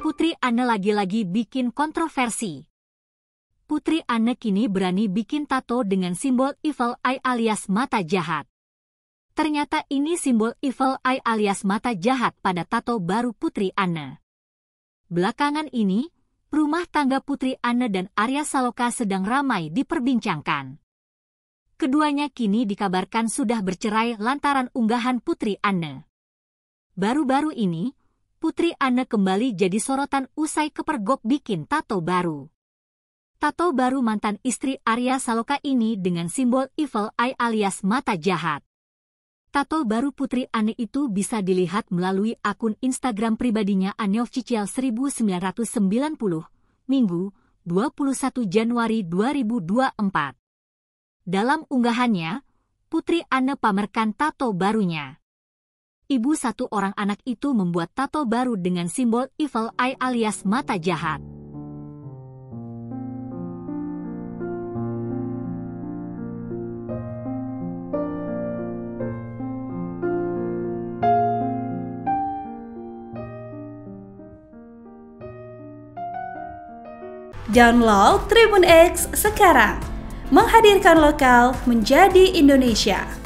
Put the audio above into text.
Putri Anne lagi-lagi bikin kontroversi. Putri Anne kini berani bikin tato dengan simbol Evil Eye alias mata jahat. Ternyata ini simbol Evil Eye alias mata jahat pada tato baru Putri Anne. Belakangan ini, rumah tangga Putri Anne dan Arya Saloka sedang ramai diperbincangkan. Keduanya kini dikabarkan sudah bercerai lantaran unggahan Putri Anne. Baru-baru ini, Putri Anne kembali jadi sorotan usai kepergok bikin tato baru. Tato baru mantan istri Arya Saloka ini dengan simbol Evil Eye alias mata jahat. Tato baru Putri Anne itu bisa dilihat melalui akun Instagram pribadinya Anneofficial 1990, Minggu, 21 Januari 2024. Dalam unggahannya, Putri Anne pamerkan tato barunya ibu satu orang anak itu membuat tato baru dengan simbol evil eye alias mata jahat. Download Tribun X sekarang, menghadirkan lokal menjadi Indonesia.